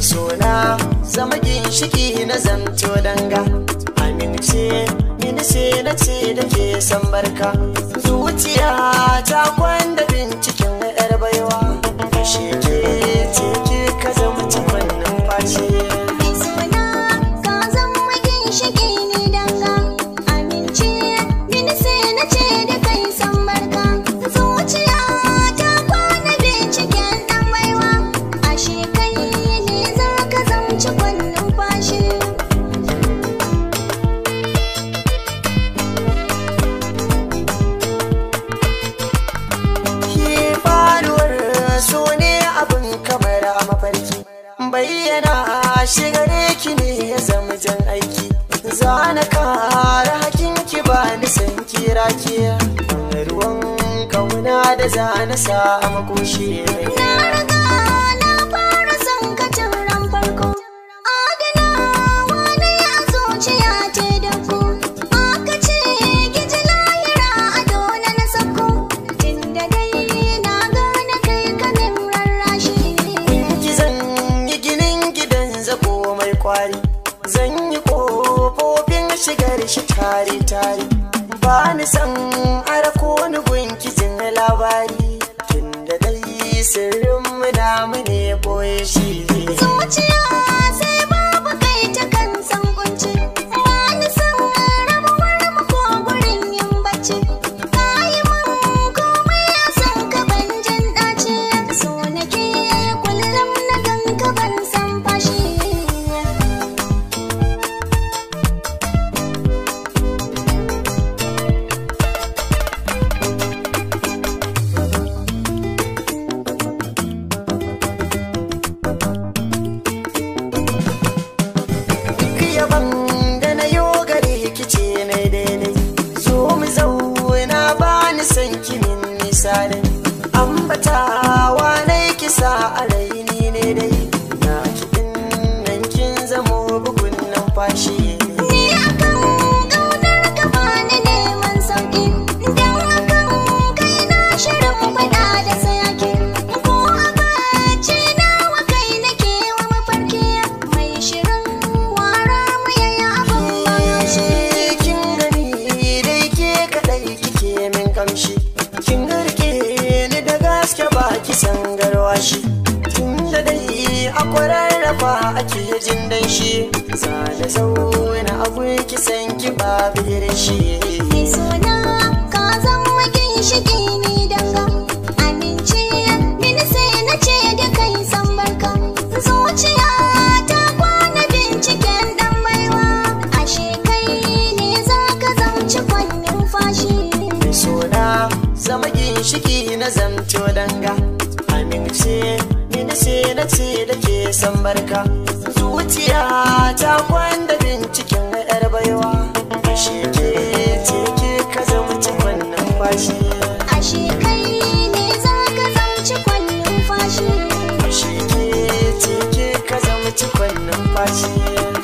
sona zama ginshiƙi na zanto danga amince ni na ce da ke san barka su ne abin kamar mafarki bayyana shi gare ki ne ya zama jan aiki za na kara hakin ki ba ni san kira ki ruwan kauna da za na sa makoshi na riga na fara san ran farko an yi ƙofofin shigar shi tare-tare ba ni san arako ni labari tun da dai sirrin mu ne boye shi Tower. shi tunda dai akwai rarrafa ake jin dan shi sada zauna abu ki san ki ba biyar shi sona ka zan magin shi ni danga amince mini sai na ce da kai san barka zuciya ta kwana binciken dan baiwa ashe kai ne za ka zamci kwannin fashi sona zama ginshiki na zamto danga wuce ni na ce na ce da ke san barka zuciya ta kwanda binciken yar baiwa ashe ke ce ke ka zamci kwannan fashi ashe kai ne za ka zamci kwannan fashi ashe ke ce ke ka zamci kwannan fashi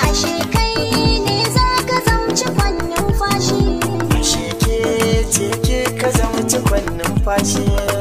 ashe kai ne za ka zamci kwannan fashi ashe ke ce ke ka zamci kwannan fashi